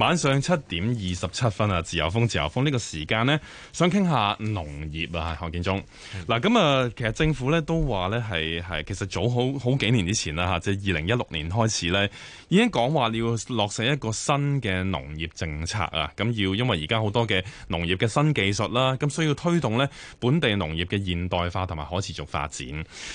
晚上七點二十七分啊！自由風，自由風，呢個時間呢，想傾下農業啊，何建忠嗱，咁啊，其實政府咧都話咧係係，其實早好好幾年之前啦嚇，即係二零一六年開始咧，已經講話要落實一個新嘅農業政策啊。咁要因為而家好多嘅農業嘅新技術啦，咁需要推動咧本地農業嘅現代化同埋可持續發展。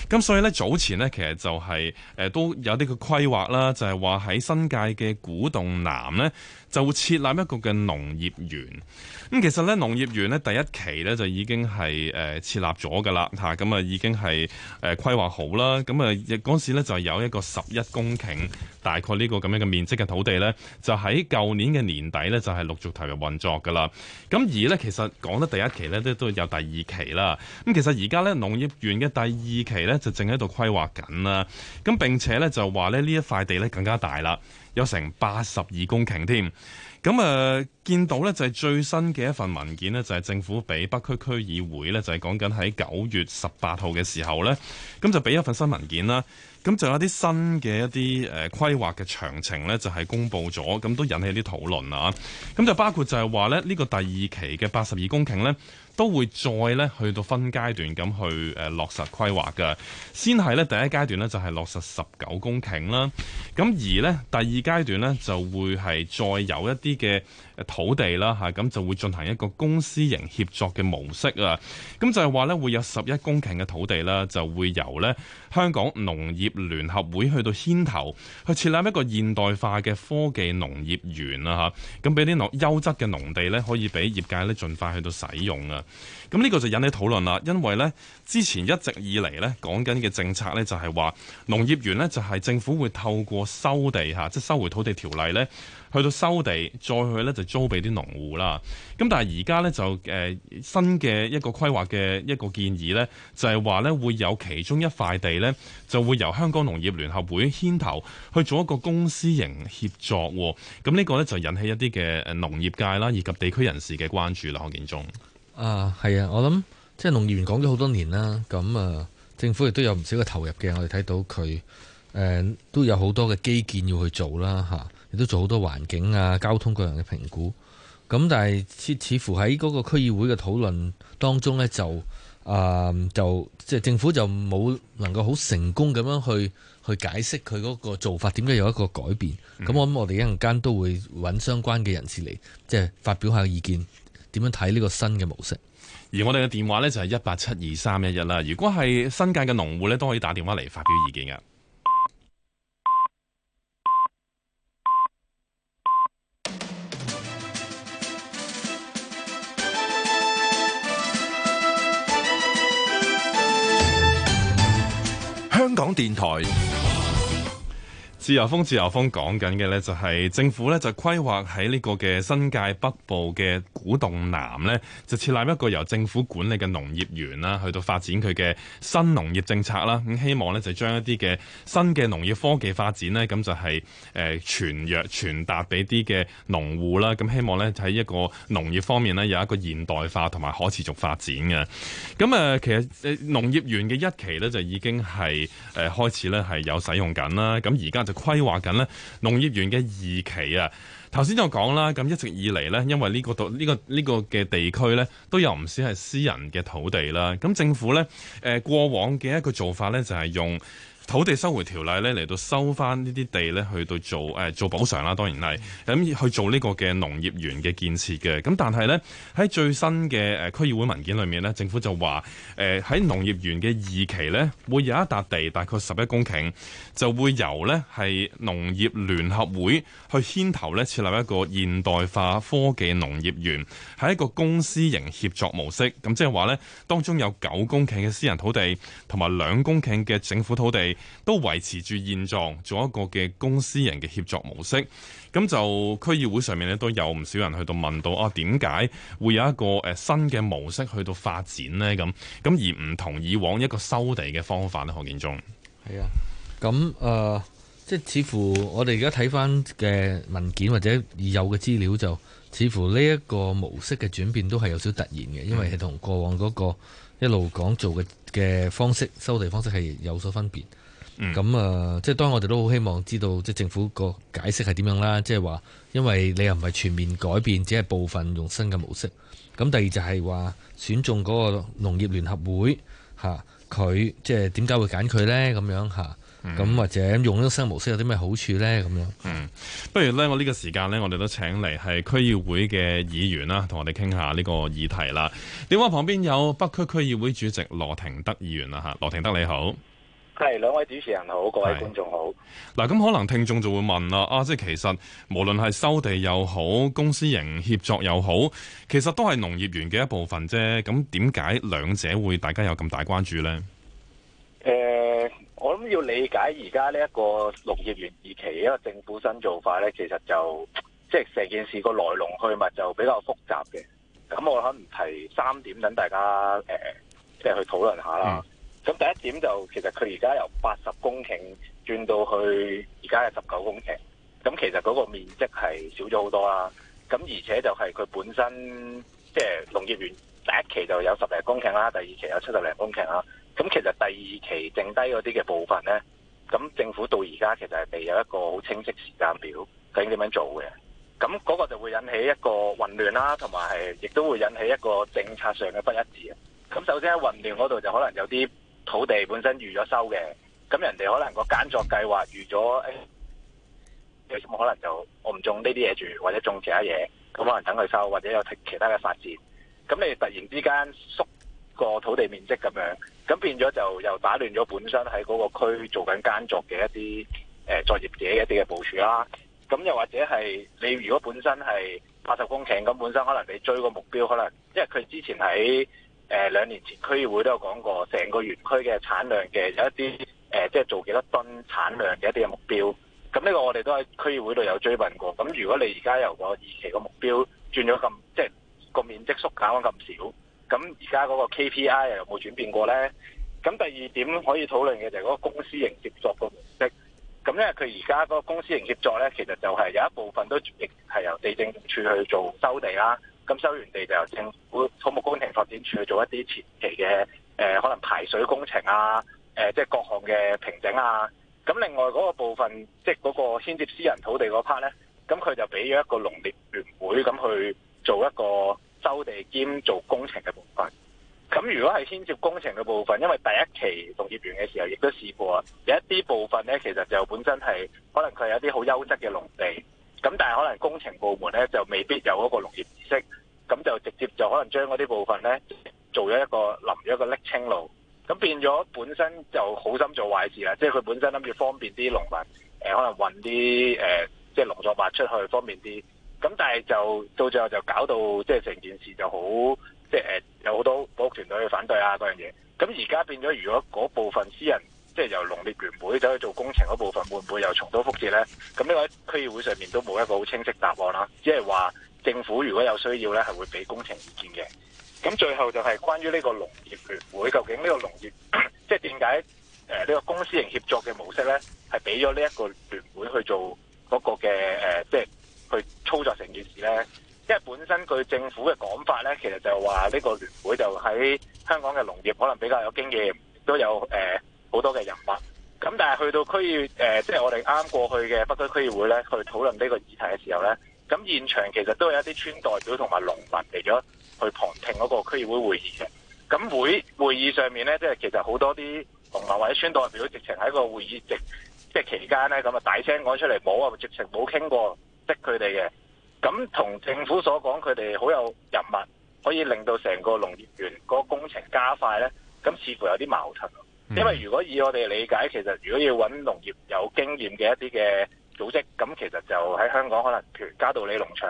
咁所以咧，早前咧其實就係誒都有呢個規劃啦，就係話喺新界嘅古洞南呢。就會設立一個嘅農業園。咁、嗯、其實咧，農業園咧第一期咧就已經係誒、呃、設立咗噶啦，嚇咁啊、嗯、已經係誒、呃、規劃好啦。咁、嗯、啊，嗰時咧就有一個十一公頃，大概呢個咁樣嘅面積嘅土地咧，就喺舊年嘅年底咧就係、是、陸續投入運作噶啦。咁、嗯、而咧，其實講得第一期咧都都有第二期啦。咁、嗯、其實而家咧農業園嘅第二期咧就正喺度規劃緊啦。咁、啊、並且咧就話咧呢一塊地咧更加大啦。有成八十二公頃添，咁誒見到呢，就係最新嘅一份文件呢，就係政府俾北區區議會呢，就係講緊喺九月十八號嘅時候呢，咁就俾一份新文件啦，咁就有啲新嘅一啲誒規劃嘅詳情呢，就係公布咗，咁都引起啲討論啊，咁就包括就係話呢，呢個第二期嘅八十二公頃呢，都會再咧去到分階段咁去落實規劃㗎。先係咧第一階段咧就係落實十九公頃啦，咁而呢第二階段呢就會係再有一啲嘅土地啦嚇，咁就會進行一個公私營協作嘅模式啊，咁就係話呢會有十一公頃嘅土地啦，就會由呢香港農業聯合會去到牽頭去設立一個現代化嘅科技農業園啦，咁俾啲農優質嘅農地呢，可以俾業界呢盡快去到使用啊。咁、這、呢個就引起討論啦，因為呢，之前一直以嚟呢講緊嘅政策呢，就係話農業園呢，就係政府會透過收地吓，即係收回土地條例呢，去到收地，再去呢就租俾啲農戶啦。咁但係而家呢，就誒新嘅一個規劃嘅一個建議呢，就係話呢會有其中一塊地呢，就會由香港農業聯合會牽頭去做一個公私營合作。咁、這、呢個呢，就引起一啲嘅誒農業界啦以及地區人士嘅關注啦。何建中。啊，係啊！我諗即係農業園講咗好多年啦，咁啊，政府亦都有唔少嘅投入嘅。我哋睇到佢誒、呃，都有好多嘅基建要去做啦，吓、啊，亦都做好多環境啊、交通各樣嘅評估。咁但係似似乎喺嗰個區議會嘅討論當中咧，就啊、呃，就即係政府就冇能夠好成功咁樣去去解釋佢嗰個做法點解有一個改變。咁、嗯、我諗我哋一陣間都會揾相關嘅人士嚟，即係發表下意見。點樣睇呢個新嘅模式？而我哋嘅電話呢，就係一八七二三一一啦。如果係新界嘅農戶呢，都可以打電話嚟發表意見㗎。香港電台。自由風，自由風講緊嘅呢，就係政府呢，就規劃喺呢個嘅新界北部嘅古洞南呢就設立一個由政府管理嘅農業園啦，去到發展佢嘅新農業政策啦。咁希望呢，就將一啲嘅新嘅農業科技發展呢，咁就係誒傳揚、傳達俾啲嘅農戶啦。咁希望呢，喺一個農業方面呢，有一個現代化同埋可持續發展嘅。咁啊，其實誒農業園嘅一期呢，就已經係誒開始呢，係有使用緊啦。咁而家就規劃緊咧農業園嘅二期啊，頭先就講啦，咁一直以嚟咧，因為呢個度呢、呢個呢、呢個嘅地區咧，都有唔少係私人嘅土地啦。咁政府咧，誒過往嘅一個做法咧，就係用土地收回條例咧，嚟到收翻呢啲地咧，去到做誒做補償啦，當然係，咁去做這個呢個嘅農業園嘅建設嘅。咁但係咧喺最新嘅誒區議會文件裏面咧，政府就話誒喺農業園嘅二期咧，會有一笪地，大概十一公頃，就會由咧係農業聯合會去牽頭咧設立一個現代化科技農業園係一個公私營合作模式。咁即係話咧，當中有九公頃嘅私人土地同埋兩公頃嘅政府土地。都維持住現狀，做一個嘅公私營嘅合作模式。咁就區議會上面咧，都有唔少人去到問到：「啊，點解會有一個誒新嘅模式去到發展呢？」咁咁而唔同以往一個收地嘅方法呢，何建中係啊，咁誒、呃，即係似乎我哋而家睇返嘅文件或者已有嘅資料就，就似乎呢一個模式嘅轉變都係有少少突然嘅，因為係同過往嗰個一路講做嘅嘅方式收地方式係有所分別。咁、嗯、啊、即、嗯、係當然我哋都好希望知道，即係政府個解釋係點樣啦。即係話，因為你又唔係全面改變，只係部分用新嘅模式。咁第二就係話，選中嗰個農業聯合會吓，佢即係點解會揀佢呢？咁樣吓，咁、嗯、或者用呢個新嘅模式有啲咩好處呢？咁樣。嗯，不如咧，我呢個時間呢，我哋都請嚟係區議會嘅議員啦，同我哋傾下呢個議題啦。電話旁邊有北區區議會主席羅庭德議員啦，吓，羅庭德你好。係兩位主持人好，各位觀眾好。嗱，咁可能聽眾就會問啦，啊，即係其實無論係收地又好，公私營合作又好，其實都係農業園嘅一部分啫。咁點解兩者會大家有咁大關注呢？誒、呃，我諗要理解而家呢一個農業園二期一個政府新做法呢，其實就即係成件事個來龍去脈就比較複雜嘅。咁我可能提三點等大家誒，即、呃、係去討論下啦。嗯咁第一點就其實佢而家由八十公頃轉到去而家嘅十九公頃，咁其實嗰個面積係少咗好多啦、啊。咁而且就係佢本身即係、就是、農業園第一期就有十零公頃啦、啊，第二期有七十零公頃啦、啊。咁其實第二期剩低嗰啲嘅部分呢，咁政府到而家其實係未有一個好清晰時間表，究竟點樣做嘅？咁嗰個就會引起一個混亂啦、啊，同埋係亦都會引起一個政策上嘅不一致啊。咁首先喺混亂嗰度就可能有啲。土地本身預咗收嘅，咁人哋可能個耕作計劃預咗，有冇可能就我唔種呢啲嘢住，或者種其他嘢，咁可能等佢收，或者有其他嘅發展。咁你突然之間縮個土地面積咁樣，咁變咗就又打亂咗本身喺嗰個區做緊耕作嘅一啲誒、呃、作業者一啲嘅部署啦。咁又或者係你如果本身係八十公頃，咁本身可能你追個目標，可能因為佢之前喺。誒兩年前區議會都有講過，成個園區嘅產量嘅有一啲誒，即、呃、係、就是、做幾多噸產量嘅一啲嘅目標。咁呢個我哋都喺區議會度有追問過。咁如果你而家由個二期嘅目標轉咗咁，即、就、係、是、個面積縮減咗咁少，咁而家嗰個 KPI 又有冇轉變過咧？咁第二點可以討論嘅就係嗰個公私營合作嘅模式。咁因為佢而家嗰個公私營合作咧，其實就係有一部分都仍然係由地政處去做收地啦。咁收完地就由政府土木工程發展處去做一啲前期嘅，誒可能排水工程啊，誒即係各項嘅平整啊。咁另外嗰個部分，即係嗰個牽涉私人土地嗰 part 咧，咁佢就俾咗一個農業聯會咁去做一個收地兼做工程嘅部分。咁如果係牽涉工程嘅部分，因為第一期農業園嘅時候亦都試過，有一啲部分咧其實就本身係可能佢有啲好優質嘅農地，咁但係可能工程部門咧就未必有一個農業意識。可能將嗰啲部分呢，做咗一個臨一個瀝青路，咁變咗本身就好心做壞事啦。即係佢本身諗住方便啲農民，誒、呃、可能運啲誒即係農作物出去方便啲，咁但係就到最後就搞到即係成件事就好，即、就、係、是呃、有好多保育團隊去反對啊嗰樣嘢。咁而家變咗，如果嗰部分私人即係、就是、由農業聯會走去做工程嗰部分會唔會又重蹈覆轍呢？咁呢個喺區議會上面都冇一個好清晰的答案啦、啊，只係話。政府如果有需要咧，係會俾工程意見嘅。咁最後就係關於呢個農業聯會究竟呢個農業即係點解誒呢個公私營協作嘅模式咧，係俾咗呢一個聯會去做嗰個嘅誒即係去操作成件事咧？因為本身佢政府嘅講法咧，其實就話呢個聯會就喺香港嘅農業可能比較有經驗，都有誒好、呃、多嘅人物。咁但係去到區議誒即係我哋啱過去嘅北區區議會咧，去討論呢個議題嘅時候咧。咁現場其實都有一啲村代表同埋農民嚟咗去旁聽嗰個區議會會議嘅。咁會會議上面咧，即係其實好多啲農民或者村代表直情喺個會議席即係期間咧，咁啊大聲講出嚟冇啊，直情冇傾過，逼佢哋嘅。咁同政府所講佢哋好有人物，可以令到成個農業園個工程加快咧，咁似乎有啲矛盾。因為如果以我哋理解，其實如果要搵農業有經驗嘅一啲嘅。組織，咁其實就喺香港，可能譬如嘉道理農場，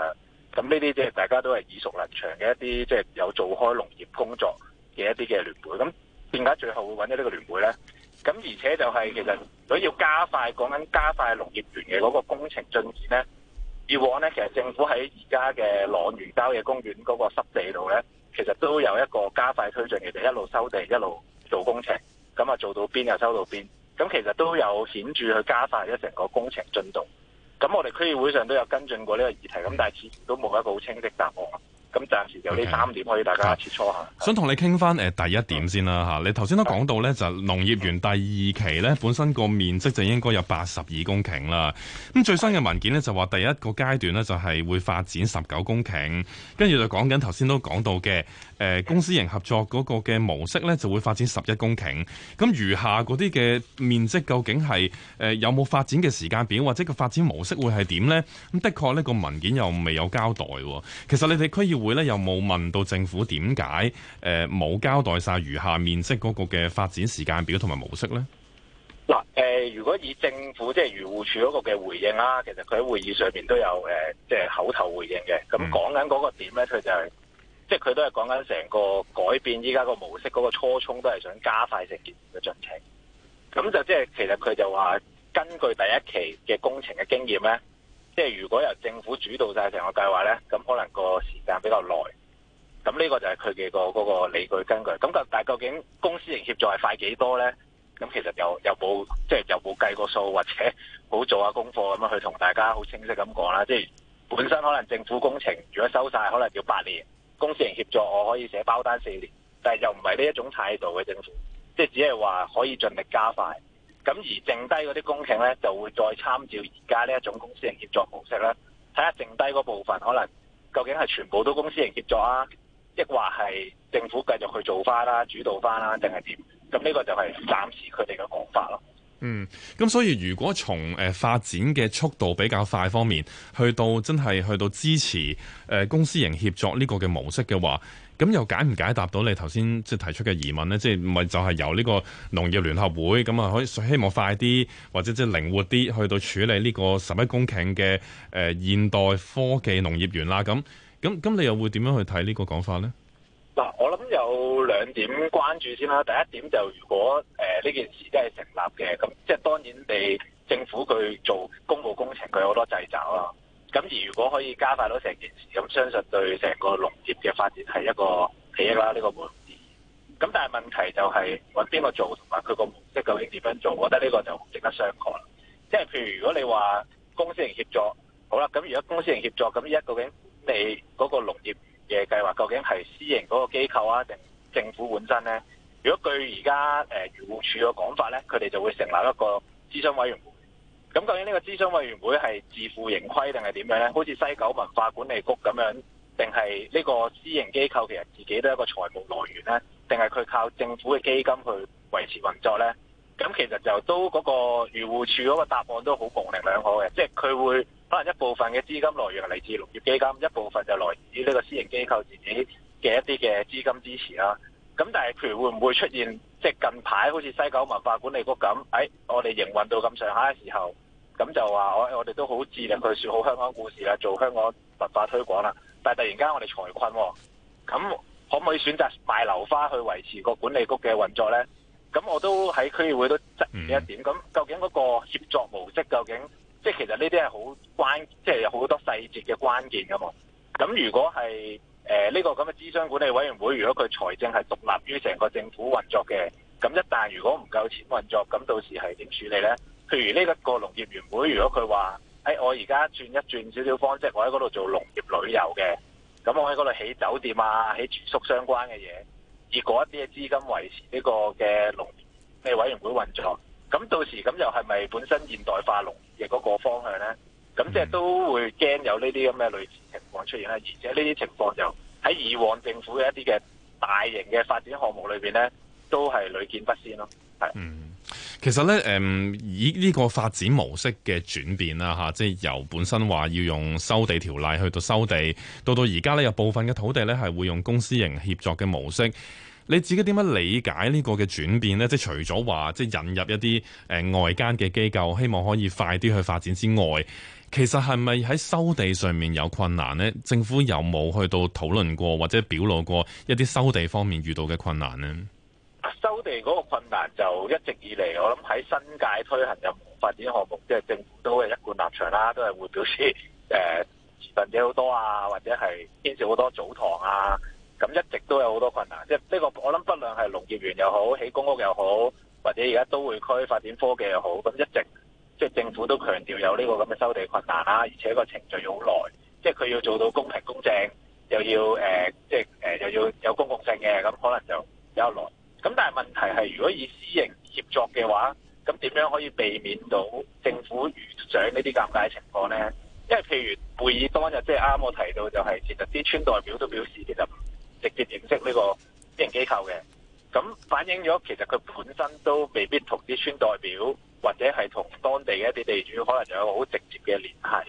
咁呢啲即係大家都係耳熟能詳嘅一啲即係有做開農業工作嘅一啲嘅聯會，咁點解最後會揾咗呢個聯會呢？咁而且就係其實如果要加快，講緊加快農業園嘅嗰個工程進展呢，以往呢，其實政府喺而家嘅朗月郊野公園嗰個濕地度呢，其實都有一個加快推進，其實一路收地一路做工程，咁啊做到邊又收到邊。咁其實都有顯著去加快咗成個工程進度，咁我哋區議會上都有跟進過呢個議題，咁但係至今都冇一個好清晰答案。咁暫時有呢三點可以大家切磋下。Okay. 想同你傾翻第一點先啦，okay. 你頭先都講到咧就農業園第二期咧本身個面積就應該有八十二公頃啦。咁最新嘅文件咧就話第一個階段咧就係會發展十九公頃，跟住就講緊頭先都講到嘅公私營合作嗰個嘅模式咧就會發展十一公頃。咁餘下嗰啲嘅面積究竟係有冇發展嘅時間表或者個發展模式會係點咧？咁的確呢，個文件又未有交代。其實你哋區要會咧又冇問到政府點解誒冇交代晒餘下面積嗰個嘅發展時間表同埋模式咧？嗱，誒，如果以政府即係漁護署嗰個嘅回應啦，其實佢喺會議上面都有誒、呃，即係口頭回應嘅。咁講緊嗰個點咧，佢就係、是、即係佢都係講緊成個改變依家個模式嗰個初衷，都係想加快成件事嘅進程。咁就即係其實佢就話，根據第一期嘅工程嘅經驗咧。即係如果由政府主導晒成個計劃呢，咁可能個時間比較耐。咁呢個就係佢嘅個嗰個理據根據。咁但係究竟公私營協助係快幾多呢？咁其實又又冇即係又冇計過數，或者冇做下功課咁樣去同大家好清晰咁講啦。即係本身可能政府工程如果收晒，可能要八年。公私營協助我可以寫包單四年，但係又唔係呢一種態度嘅政府，即係只係話可以盡力加快。咁而剩低嗰啲工程咧，就會再參照而家呢一種公私營協作模式啦。睇下剩低嗰部分可能究竟係全部都公私營協作啊，亦或係政府繼續去做翻啦、主導翻啦，定係點？咁呢個就係暫時佢哋嘅講法咯。嗯，咁所以如果從誒發展嘅速度比較快方面，去到真係去到支持誒公私營協作呢個嘅模式嘅話。咁又解唔解答到你頭先即係提出嘅疑問呢？即係咪就係、是、由呢個農業聯合會咁啊？可以希望快啲，或者即係靈活啲去到處理呢個十一公頃嘅、呃、現代科技農業園啦。咁咁咁，你又會點樣去睇呢個講法呢？嗱，我諗有兩點關注先啦。第一點就如果呢、呃、件事真係成立嘅，咁即係當然地政府佢做公務工程，佢有好多掣肘啦。咁而如果可以加快到成件事，咁相信對成個農業嘅發展係一個裨益啦，呢個無疑議。咁但係問題就係揾邊個做同埋佢個模式究竟點樣做，我覺得呢個就值得商榷啦。即係譬如如果你話公私營協作，好啦，咁如果公私營協作，咁而家究竟你嗰個農業嘅計劃究竟係私營嗰個機構啊定政府本身咧？如果據而家誒漁護署嘅講法咧，佢哋就會成立一個諮詢委員會。咁究竟呢個諮詢委員會係自負盈虧定係點樣呢？好似西九文化管理局咁樣，定係呢個私營機構其實自己都係一個財務來源呢？定係佢靠政府嘅基金去維持運作呢？咁其實就都嗰個漁護署嗰個答案都好模棱兩可嘅，即係佢會可能一部分嘅資金來源嚟自農業基金，一部分就來自呢個私營機構自己嘅一啲嘅資金支持啦、啊。咁但係譬如會唔會出現即、即係、近排好似西九文化管理局咁、哎，我哋營運到咁上下嘅時候？咁就話我我哋都好致力去說好香港故事啦，做香港文化推廣啦。但係突然間我哋財困，咁可唔可以選擇賣樓花去維持個管理局嘅運作呢？咁我都喺區議會都質疑一點。咁究竟嗰個協作模式究竟，即其實呢啲係好關，即、就、係、是、有好多細節嘅關鍵噶嘛。咁如果係呢、呃呢個咁嘅諮詢管理委員會，如果佢財政係獨立於成個政府運作嘅。咁一旦如果唔夠錢運作，咁到時係點處理呢？譬如呢一個農業委員會，如果佢話，誒、哎，我而家轉一轉少少方式，我喺嗰度做農業旅遊嘅，咁我喺嗰度起酒店啊，起住宿相關嘅嘢，以嗰一啲嘅資金維持呢個嘅農業委員會運作，咁到時咁又係咪本身現代化農業嗰個方向呢？咁即係都會驚有呢啲咁嘅類似情況出現咧。而且呢啲情況就喺以往政府嘅一啲嘅大型嘅發展項目裏面呢。都係屢見不鮮咯，係。嗯，其實咧，誒、嗯，以呢個發展模式嘅轉變啦，嚇、啊，即係由本身話要用收地條例去到收地，到到而家呢，有部分嘅土地呢係會用公私營協作嘅模式。你自己點樣理解呢個嘅轉變呢？即係除咗話即係引入一啲誒、呃、外間嘅機構，希望可以快啲去發展之外，其實係咪喺收地上面有困難呢？政府有冇去到討論過或者表露過一啲收地方面遇到嘅困難呢？收地嗰個困難就一直以嚟，我諗喺新界推行任何發展項目，即係政府都係一貫立場啦，都係會表示誒，持份者好多啊，或者係牽涉好多祖堂啊，咁一直都有好多困難。即係呢個我諗不論係農業園又好，起公屋又好，或者而家都會區發展科技又好，咁一直即係政府都強調有呢個咁嘅收地困難啦，而且個程序要好耐，即係佢要做到公平公正，又要誒，即係誒，又要有公共性嘅，咁可能就比較耐。咁但係問題係如果以私營協作嘅話，咁點樣可以避免到政府遇上呢啲尷尬的情況咧？因為譬如會議當日即係啱我提到、就是，就係其實啲村代表都表示其實唔直接認識呢個私營機構嘅，咁反映咗其實佢本身都未必同啲村代表或者係同當地嘅一啲地主可能就有好直接嘅聯繫，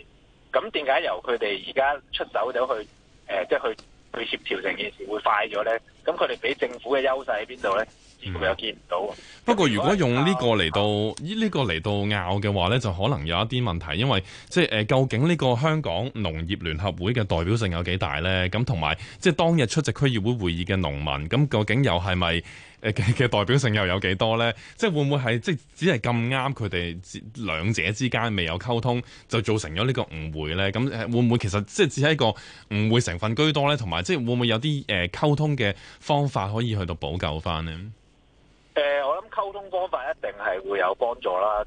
咁點解由佢哋而家出手就去誒即係去？呃就是去去協調成件事會快咗呢。咁佢哋比政府嘅優勢喺邊度呢？而我又見唔到。不、嗯、過如果用呢個嚟到呢呢個嚟到拗嘅話呢、嗯、就可能有一啲問題，因為即係究竟呢個香港農業聯合會嘅代表性有幾大呢？咁同埋即係當日出席區議會會議嘅農民，咁究竟又係咪？嘅代表性又有幾多呢？即係會唔會係即係只係咁啱佢哋兩者之間未有溝通，就造成咗呢個誤會呢？咁誒會唔會其實即係只係一個誤會成分居多呢？同埋即係會唔會有啲誒溝通嘅方法可以去到補救返呢？誒、呃，我諗溝通方法一定係會有幫助啦。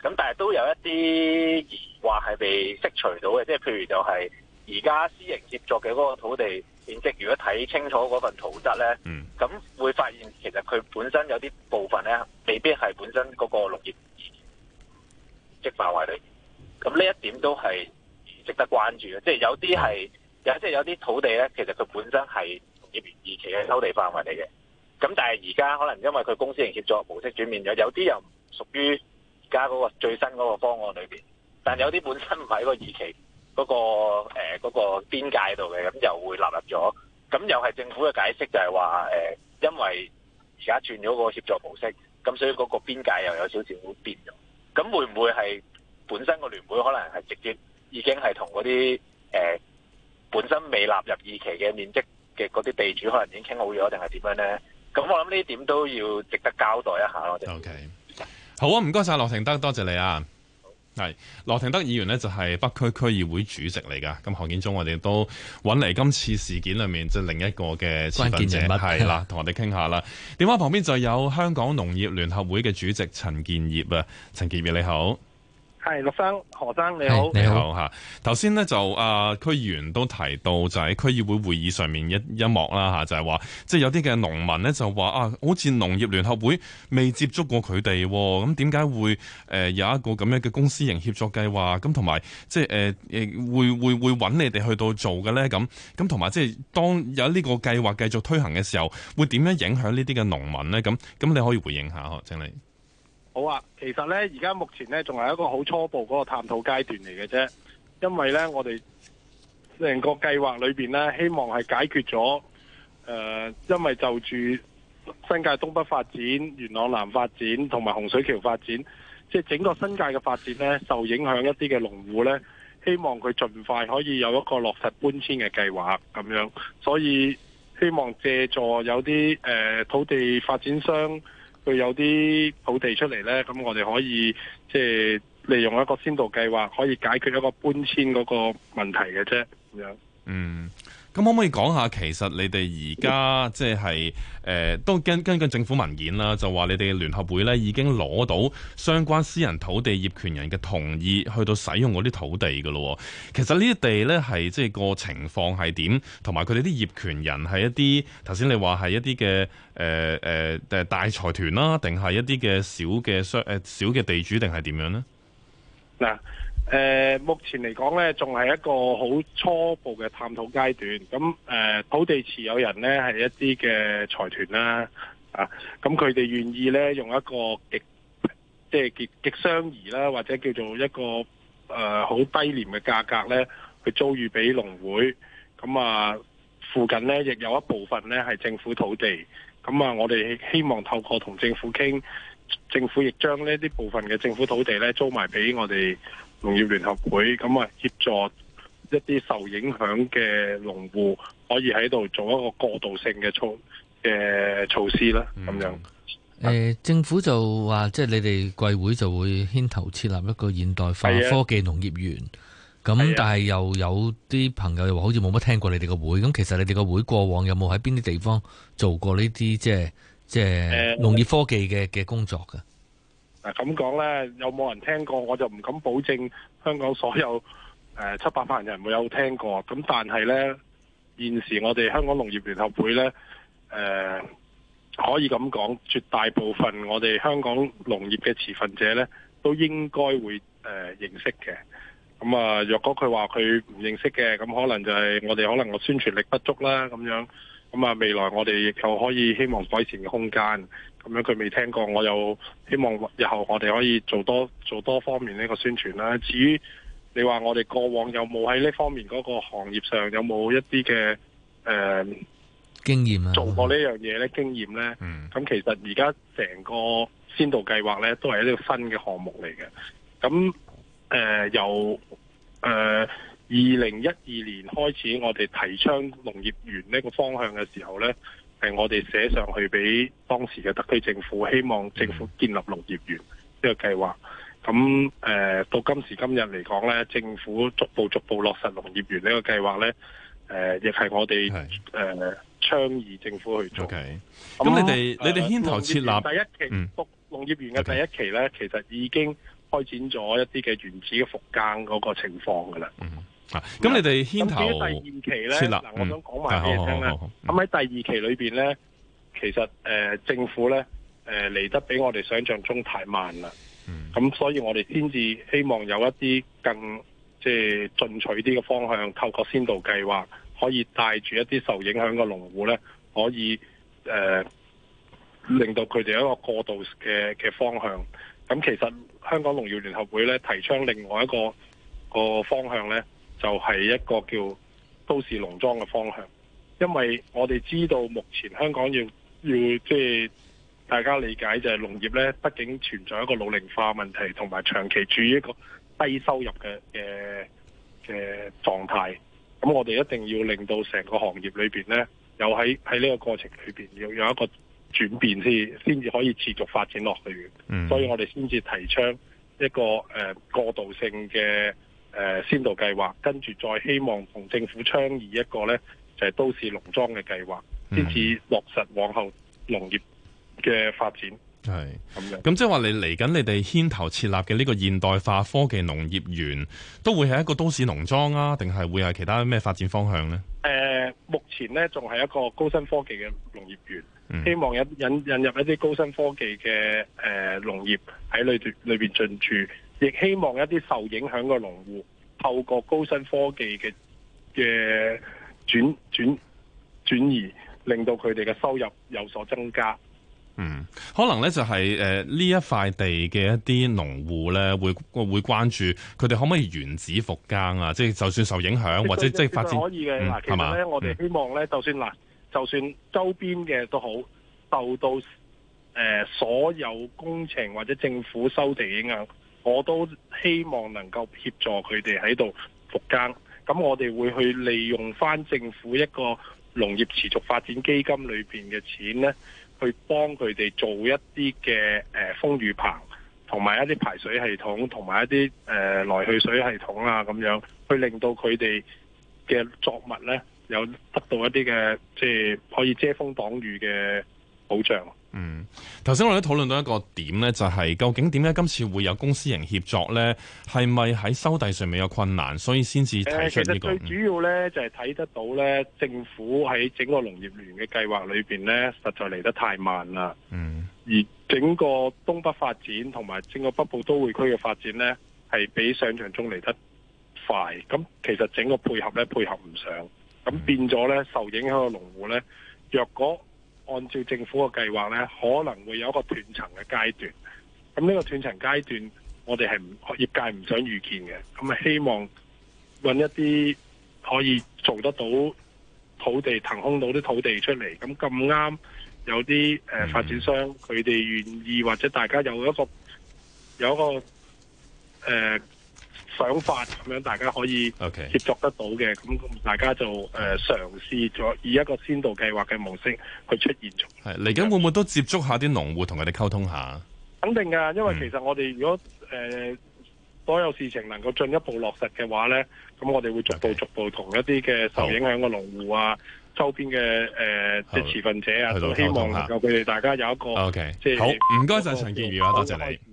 咁但係都有一啲疑惑係被釋除到嘅，即係譬如就係、是。而家私營協作嘅嗰個土地面積，如果睇清楚嗰份圖則呢，咁、嗯、會發現其實佢本身有啲部分呢，未必係本身嗰個農業二期範圍嚟。咁呢一點都係值得關注嘅，即係有啲係，即係有啲土地呢，其實佢本身係農業二期嘅收地範圍嚟嘅。咁但係而家可能因為佢公私營協作模式轉變咗，有啲又唔屬於而家嗰個最新嗰個方案裏面，但有啲本身唔喺個二期。嗰個誒嗰個邊界度嘅，咁又會納入咗。咁又係政府嘅解釋就係話誒，因為而家轉咗個協助模式，咁所以嗰個邊界又有少少變咗。咁會唔會係本身個聯會可能係直接已經係同嗰啲誒本身未納入二期嘅面積嘅嗰啲地主，可能已經傾好咗，定係點樣咧？咁我諗呢點都要值得交代一下咯。Okay，好啊，唔該晒，羅庭德，多謝你啊！係羅庭德議員咧，就係北區區議會主席嚟噶。咁何建忠我哋都搵嚟，今次事件裏面即係、就是、另一個嘅持份者係啦，同我哋傾下啦。電 話旁邊就有香港農業聯合會嘅主席陳健業啊，陳健業你好。係陸生何生你好，你好吓。頭先咧就啊區議員都提到，就喺區議會會議上面一一幕啦吓，就係話即係有啲嘅農民咧就話啊，好似農業聯合會未接觸過佢哋，咁點解會誒有一個咁樣嘅公司營協助計劃？咁同埋即係誒誒會會會搵你哋去到做嘅咧？咁咁同埋即係當有呢個計劃繼續推行嘅時候，會點樣影響呢啲嘅農民咧？咁咁你可以回應下嗬，請你。好啊，其實呢，而家目前呢，仲係一個好初步嗰個探討階段嚟嘅啫，因為呢，我哋成個計劃裏面呢，希望係解決咗誒，因為就住新界東北發展、元朗南發展同埋洪水橋發展，即係整個新界嘅發展呢，受影響一啲嘅農戶呢，希望佢盡快可以有一個落實搬遷嘅計劃咁樣，所以希望借助有啲誒土地發展商。佢有啲土地出嚟呢，咁我哋可以即係利用一個先導計劃，可以解決一個搬遷嗰個問題嘅啫。咁樣。嗯。咁可唔可以講下，其實你哋而家即係誒都跟根根據政府文件啦，就話你哋聯合會咧已經攞到相關私人土地業權人嘅同意，去到使用嗰啲土地嘅咯。其實呢啲地咧係即係個情況係點，同埋佢哋啲業權人係一啲頭先你話係一啲嘅誒大財團啦、啊，定係一啲嘅小嘅商誒小嘅地主，定係點樣呢？嗱，誒，目前嚟講咧，仲係一個好初步嘅探討階段。咁誒、呃，土地持有人咧係一啲嘅財團啦、啊，啊，咁佢哋願意咧用一個極，即係極極相宜啦，或者叫做一個誒好、呃、低廉嘅價格咧，去租予俾農會。咁啊，附近咧亦有一部分咧係政府土地。咁啊，我哋希望透過同政府傾。政府亦將呢啲部分嘅政府土地咧租埋俾我哋農業聯合會，咁啊協助一啲受影響嘅農戶可以喺度做一個過渡性嘅措嘅措施啦，咁、嗯、樣、欸。政府就話即係你哋貴會就會牽頭設立一個現代化科技農業園，咁但係又有啲朋友又話好似冇乜聽過你哋個會，咁其實你哋個會過往有冇喺邊啲地方做過呢啲即係？即係農業科技嘅嘅工作嘅。嗱咁講咧，有冇人聽過？我就唔敢保證香港所有、呃、七八百萬人會有聽過。咁但係呢，現時我哋香港農業聯合會呢，誒、呃、可以咁講，絕大部分我哋香港農業嘅持份者呢，都應該會誒、呃、認識嘅。咁、呃、啊，若果佢話佢唔認識嘅，咁可能就係我哋可能個宣傳力不足啦，咁樣。咁啊，未來我哋亦就可以希望改善嘅空間。咁樣佢未聽過，我又希望日後我哋可以做多做多方面呢個宣傳啦。至於你話我哋過往有冇喺呢方面嗰個行業上有冇一啲嘅誒經驗啊？做過這件事經驗呢樣嘢咧，經驗咧。嗯。咁其實而家成個先導計劃咧，都係一啲新嘅項目嚟嘅。咁誒，由、呃、誒。呃呃二零一二年開始，我哋提倡農業園呢個方向嘅時候呢，係我哋寫上去俾當時嘅特區政府，希望政府建立農業園呢個計劃。咁誒、呃、到今時今日嚟講，呢政府逐步逐步落實農業園呢個計劃，呢誒亦係我哋誒、呃、倡議政府去做。咁、okay. 嗯、你哋、呃、你哋牽頭設立第一期農、嗯、業園嘅第一期呢，okay. 其實已經開展咗一啲嘅原始嘅復耕嗰個情況㗎啦。嗯咁、啊啊、你哋牽頭，第二期咧，嗱、嗯，我想講埋嘅嘢先啦。咁、啊、喺第二期裏邊咧，其實誒、呃，政府咧，誒嚟得比我哋想象中太慢啦。咁、嗯、所以，我哋先至希望有一啲更即係進取啲嘅方向，透過先導計劃，可以帶住一啲受影響嘅農戶咧，可以誒、呃，令到佢哋一個過渡嘅嘅方向。咁其實香港農業聯合會咧，提倡另外一個個方向咧。就係、是、一個叫都市農莊嘅方向，因為我哋知道目前香港要要即係大家理解就係，農業呢畢竟存在一個老齡化問題，同埋長期處於一個低收入嘅嘅嘅狀態。咁我哋一定要令到成個行業裏邊呢，有喺喺呢個過程裏邊要有一個轉變先，先至可以持續發展落去。嗯，所以我哋先至提倡一個誒、呃、過渡性嘅。誒、呃，先導計劃，跟住再希望同政府倡議一個呢就係、是、都市農莊嘅計劃，先至落實往後農業嘅發展。係咁嘅。咁、嗯、即係話你嚟緊，你哋牽頭設立嘅呢個現代化科技農業園，都會係一個都市農莊啊？定係會係其他咩發展方向呢？誒、呃，目前呢仲係一個高新科技嘅農業園、嗯，希望引引引入一啲高新科技嘅誒農業喺裏邊裏邊進駐。亦希望一啲受影響嘅農戶透過高新科技嘅嘅轉轉轉移，令到佢哋嘅收入有所增加。嗯，可能咧就係、是、誒、呃、呢一塊地嘅一啲農戶咧，會會關注佢哋可唔可以原址復耕啊？即係就算受影響、嗯、或者即係發展可以嘅嗱、嗯，其實咧、嗯、我哋希望咧，就算嗱、呃，就算周邊嘅都好受到誒、呃、所有工程或者政府收地影響。我都希望能夠協助佢哋喺度復耕，咁我哋會去利用翻政府一個農業持續發展基金裏邊嘅錢咧，去幫佢哋做一啲嘅誒風雨棚，同埋一啲排水系統同埋一啲誒來去水系統啊，咁樣去令到佢哋嘅作物咧有得到一啲嘅即係可以遮風擋雨嘅保障。嗯，頭先我哋都討論到一個點呢就係、是、究竟點解今次會有公私營協作呢係咪喺收地上面有困難，所以先至提出呢、這個？其實最主要呢，就係、是、睇得到呢，政府喺整個農業聯嘅計劃裏邊呢，實在嚟得太慢啦。嗯。而整個東北發展同埋整個北部都會區嘅發展呢，係比想象中嚟得快。咁其實整個配合呢，配合唔上，咁變咗呢，受影響嘅農戶呢，若果按照政府嘅計劃呢，可能會有一個斷層嘅階段。咁呢個斷層階段，我哋係唔、業界唔想預見嘅。咁啊，希望揾一啲可以做得到土地騰空到啲土地出嚟。咁咁啱有啲誒、呃、發展商佢哋、mm -hmm. 願意，或者大家有一個有一個誒，呃想法咁樣，大家可以接觸得到嘅，咁、okay. 大家就誒、呃、嘗試咗以一個先導計劃嘅模式去出現。嚟緊會唔會都接觸下啲農戶，同佢哋溝通下？肯定噶，因為其實我哋如果誒所、嗯呃、有事情能夠進一步落實嘅話咧，咁我哋會逐步、okay. 逐步同一啲嘅受影響嘅農戶啊、周邊嘅誒即持份者啊去，都希望能夠佢哋大家有一個 OK。好，唔該晒陳健業啊，多謝你。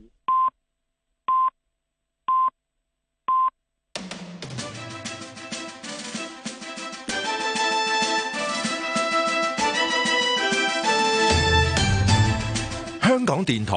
香港電台。